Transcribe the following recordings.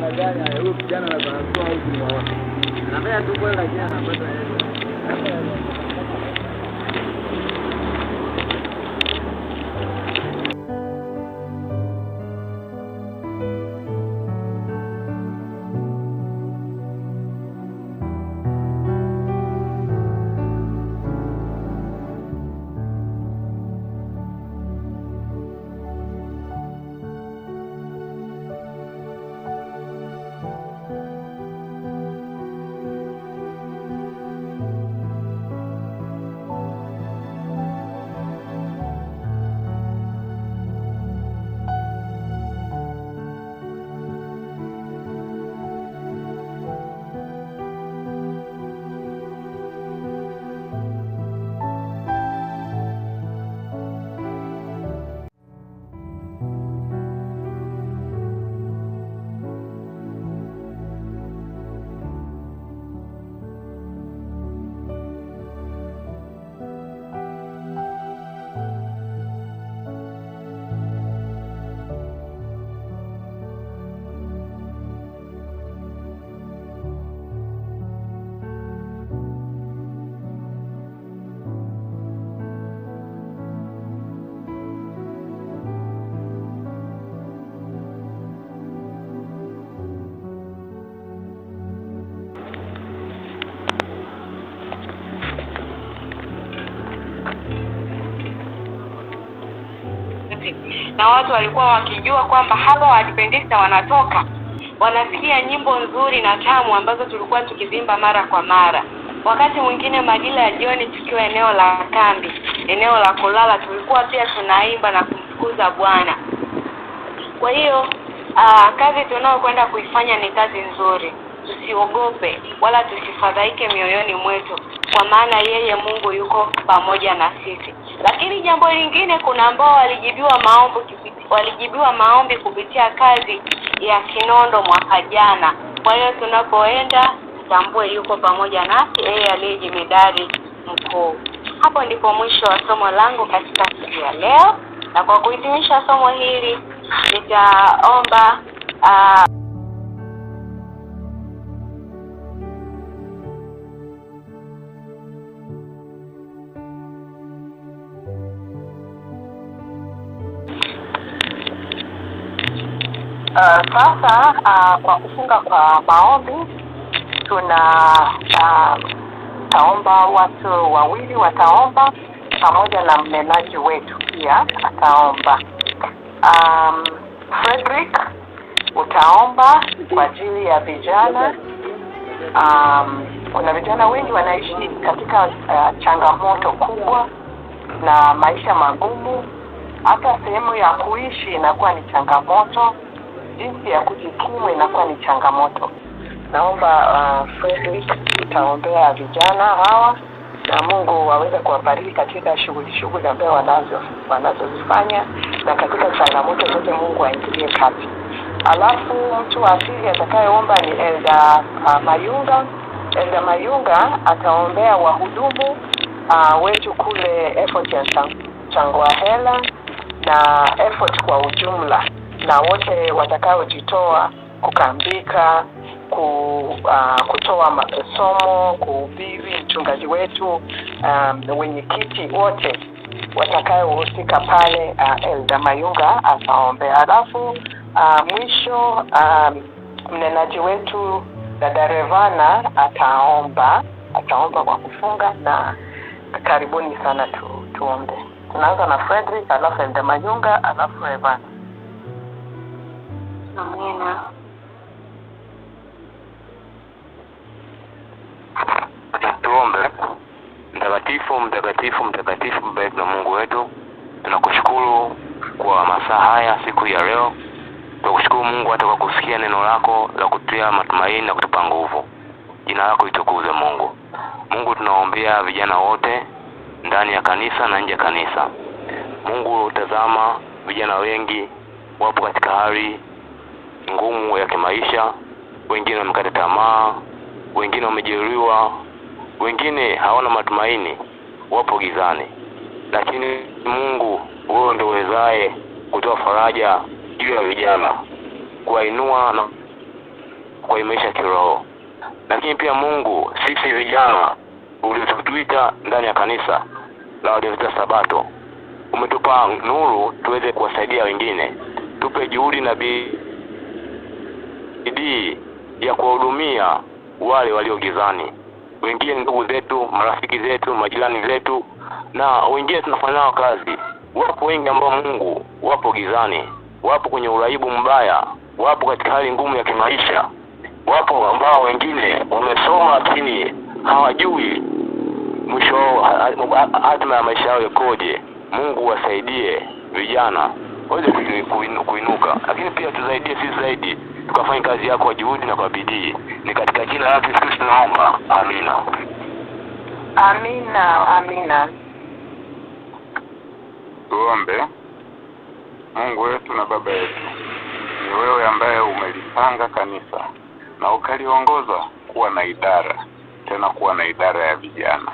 maana gani huyu kijana anafanikiwa au ni wapi? Anafanya tu kweli, lakini anapata hela. na watu walikuwa wakijua kwamba hapa waadventista wanatoka wanasikia nyimbo nzuri na tamu ambazo tulikuwa tukizimba mara kwa mara wakati mwingine majira ya jioni tukiwa eneo la kambi eneo la kulala tulikuwa pia tunaimba na kumtukuza bwana kwa hiyo aa, ah, kazi tunayokwenda kuifanya ni kazi nzuri tusiogope wala tusifadhaike mioyoni mwetu kwa maana yeye mungu yuko pamoja na sisi lakini jambo lingine, kuna ambao walijibiwa maombi walijibiwa maombi kupitia kazi ya Kinondo mwaka jana. Kwa hiyo tunapoenda tambue yuko pamoja nasi, yeye aliyejimidari mkuu. Hapo ndipo mwisho wa somo langu katika siku ya leo, na kwa kuhitimisha somo hili nitaomba uh, sasa uh, kwa kufunga kwa maombi tuna uh, taomba watu wawili wataomba pamoja na mnenaji wetu pia ataomba. Um, Frederick utaomba kwa ajili ya vijana um, kuna vijana wengi wanaishi katika uh, changamoto kubwa na maisha magumu, hata sehemu ya kuishi inakuwa ni changamoto jinsi ya kujikimu inakuwa ni changamoto. Naomba uh, Frederick, utaombea vijana hawa na Mungu waweze kuwabariki katika shughuli shughuli ambayo wanazo wanazozifanya na katika changamoto zote Mungu aingilie kati. Alafu mtu wa pili atakayeomba ni Elda uh, Mayunga. Elda Mayunga ataombea wahudumu uh, wetu kule effort ya hela na effort kwa ujumla na wote watakaojitoa kukambika ku, uh, kutoa masomo kuhubiri mchungaji wetu um, wenyekiti wote watakayohusika pale uh, elda mayunga ataombea halafu uh, mwisho um, mnenaji wetu dada revana ataomba ataomba kwa kufunga na karibuni sana tu, tuombe tunaanza na fredrik alafu elda mayunga alafu evana Amina. Tuombe. Mtakatifu, mtakatifu, mtakatifu, mbariki na Mungu wetu, tunakushukuru kwa masaa haya siku ya leo. Tunakushukuru Mungu hata kwa kusikia neno lako la kutia matumaini na kutupa nguvu. Jina lako litukuze Mungu. Mungu, tunaombea vijana wote ndani ya kanisa na nje ya kanisa. Mungu, tazama vijana wengi wapo katika hali ngumu ya kimaisha, wengine wamekata tamaa, wengine wamejeruhiwa, wengine hawana matumaini, wapo gizani. Lakini Mungu, wewe ndio uwezaye kutoa faraja juu ya vijana, kuwainua na kuwaimarisha kiroho. Lakini pia Mungu, sisi vijana ulitutuita ndani ya kanisa la Waadventista Sabato, umetupa nuru tuweze kuwasaidia wengine. Tupe juhudi na bidii bidii ya kuwahudumia wale walio gizani. Wengine ni ndugu zetu, marafiki zetu, majirani zetu, na wengine tunafanya nao kazi. Wapo wengi ambao Mungu wapo gizani, wapo kwenye uraibu mbaya, wapo katika hali ngumu ya kimaisha, wapo ambao wengine wamesoma lakini hawajui mwisho hatima ya maisha yao ikoje. Mungu wasaidie vijana waweze kuinuka, lakini pia tusaidie sisi zaidi tukafanya kazi yako kwa juhudi na kwa bidii. Ni katika jina la Yesu Kristo tunaomba, amina. Amina, amina. Tuombe. Mungu wetu na Baba yetu, ni wewe ambaye umelipanga kanisa na ukaliongoza kuwa na idara, tena kuwa na idara ya vijana,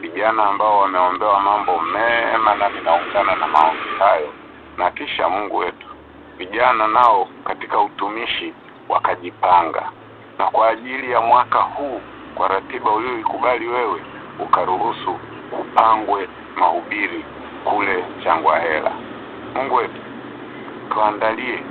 vijana ambao wameombewa mambo mema, na ninaungana na maombi hayo na kisha Mungu wetu vijana nao katika utumishi wakajipanga, na kwa ajili ya mwaka huu kwa ratiba uliyoikubali wewe ukaruhusu kupangwe mahubiri kule Changwahela. Mungu wetu, tuandalie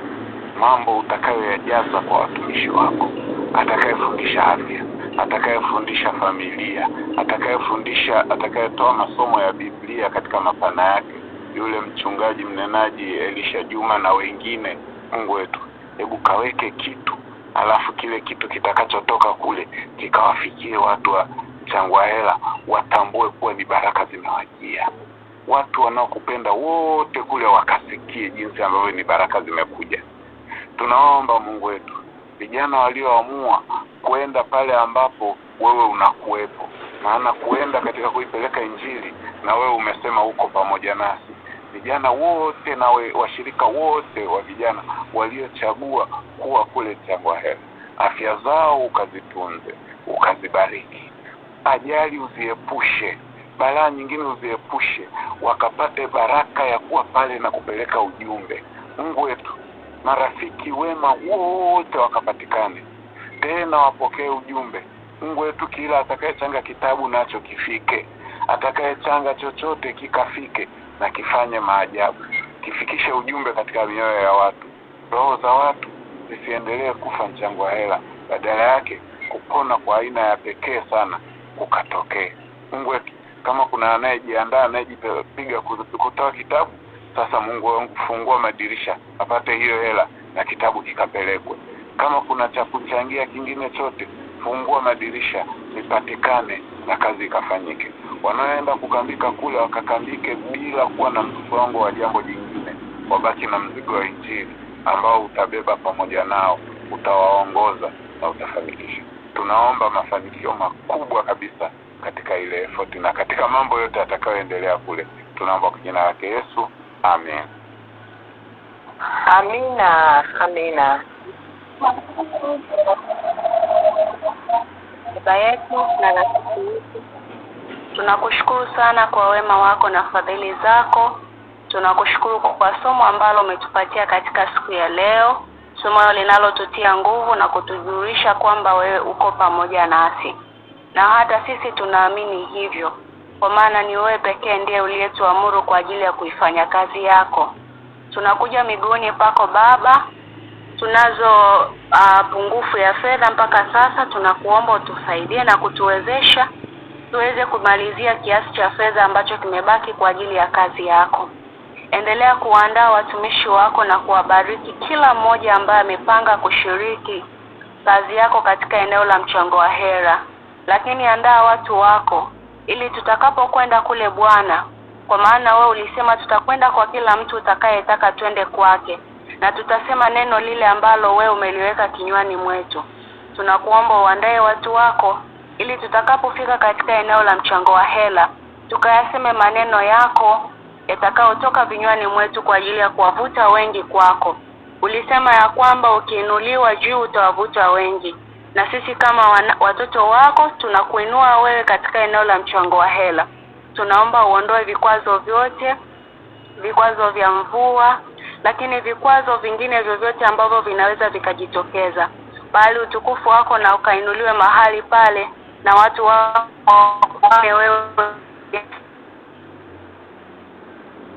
mambo utakayoyajaza kwa watumishi wako, atakayefundisha afya, atakayefundisha familia, atakayefundisha, atakayetoa masomo ya Biblia katika mapana yake yule mchungaji mnenaji Elisha Juma na wengine, Mungu wetu, hebu kaweke kitu, alafu kile kitu kitakachotoka kule kikawafikie watu wa mchango wa hela, watambue kuwa ni baraka zimewajia watu wanaokupenda wote kule wakasikie jinsi ambavyo ni baraka zimekuja. Tunaomba Mungu wetu, vijana walioamua kwenda pale ambapo wewe unakuwepo, maana kuenda katika kuipeleka Injili na wewe umesema uko pamoja nasi vijana wote na we, washirika wote wa vijana waliochagua kuwa kule Changwahela, afya zao ukazitunze, ukazibariki, ajali uziepushe, balaa nyingine uziepushe, wakapate baraka ya kuwa pale na kupeleka ujumbe. Mungu wetu, marafiki wema wote wakapatikane, tena wapokee ujumbe. Mungu wetu, kila atakayechanga kitabu nacho kifike, atakayechanga chochote kikafike na kifanye maajabu, kifikishe ujumbe katika mioyo ya watu, roho za watu zisiendelee kufa mchango wa hela, badala yake kupona kwa aina ya pekee sana kukatokee. Mungu wetu, kama kuna anayejiandaa anayejipiga kutoa kitabu sasa, Mungu wangu, fungua madirisha apate hiyo hela na kitabu kikapelekwe. Kama kuna cha kuchangia kingine chote, fungua madirisha nipatikane na kazi ikafanyike. Wanaoenda kukambika kule wakakambike bila kuwa na msongo wa jambo jingine, wabaki na mzigo wa Injili ambao utabeba pamoja nao, utawaongoza na utafanikisha. Tunaomba mafanikio makubwa kabisa katika ile efoti na katika mambo yote atakayoendelea kule. Tunaomba kwa jina lake Yesu, amen. Amina, amina baba yetu na rafiki yetu tunakushukuru sana kwa wema wako na fadhili zako tunakushukuru kwa somo ambalo umetupatia katika siku ya leo somo linalotutia nguvu na kutujulisha kwamba wewe uko pamoja nasi na hata sisi tunaamini hivyo kwa maana ni wewe pekee ndiye uliyetuamuru kwa ajili ya kuifanya kazi yako tunakuja miguuni pako baba tunazo uh, pungufu ya fedha mpaka sasa, tunakuomba utusaidie na kutuwezesha tuweze kumalizia kiasi cha fedha ambacho kimebaki kwa ajili ya kazi yako. Endelea kuandaa watumishi wako na kuwabariki kila mmoja ambaye amepanga kushiriki kazi yako katika eneo la mchango wa hera, lakini andaa watu wako ili tutakapokwenda kule Bwana, kwa maana wewe ulisema tutakwenda kwa kila mtu utakayetaka twende kwake na tutasema neno lile ambalo wewe umeliweka kinywani mwetu. Tunakuomba uandae watu wako ili tutakapofika katika eneo la mchango wa hela tukayaseme maneno yako yatakayotoka vinywani mwetu kwa ajili ya kuwavuta wengi kwako. Ulisema ya kwamba ukiinuliwa juu utawavuta wengi, na sisi kama wana, watoto wako tunakuinua wewe katika eneo la mchango wa hela. Tunaomba uondoe vikwazo vyote, vikwazo vya mvua, lakini vikwazo vingine vyovyote ambavyo vinaweza vikajitokeza, bali utukufu wako na ukainuliwe mahali pale na watu waone wewe,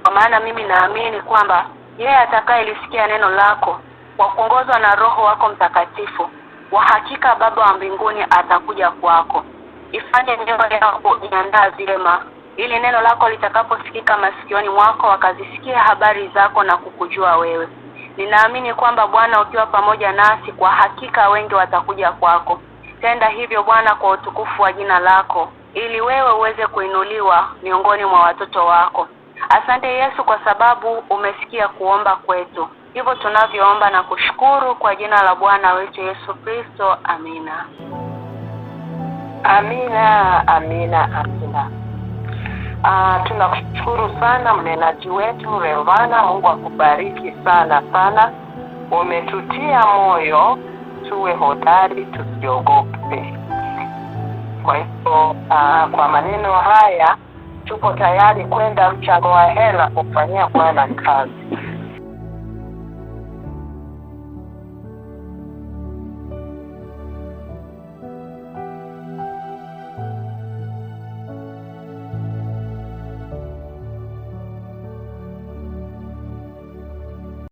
kwa maana mimi naamini kwamba yeye atakayelisikia neno lako kwa kuongozwa na Roho wako Mtakatifu, wa hakika Baba wa mbinguni atakuja kwako. Ifanye mioyo yako iandaa vyema ili neno lako litakaposikika masikioni mwako, wakazisikia habari zako na kukujua wewe. Ninaamini kwamba Bwana, ukiwa pamoja nasi, kwa hakika wengi watakuja kwako. Tenda hivyo Bwana, kwa utukufu wa jina lako, ili wewe uweze kuinuliwa miongoni mwa watoto wako. Asante Yesu, kwa sababu umesikia kuomba kwetu. Hivyo tunavyoomba na kushukuru kwa jina la Bwana wetu Yesu Kristo. Amina, amina, amina, amina. Uh, ah, tunakushukuru sana mnenaji wetu Revana, Mungu akubariki sana sana. Umetutia moyo tuwe hodari, tusiogope. Kwa hivyo uh, kwa maneno haya tupo tayari kwenda mchango wa hela kufanyia Bwana kazi.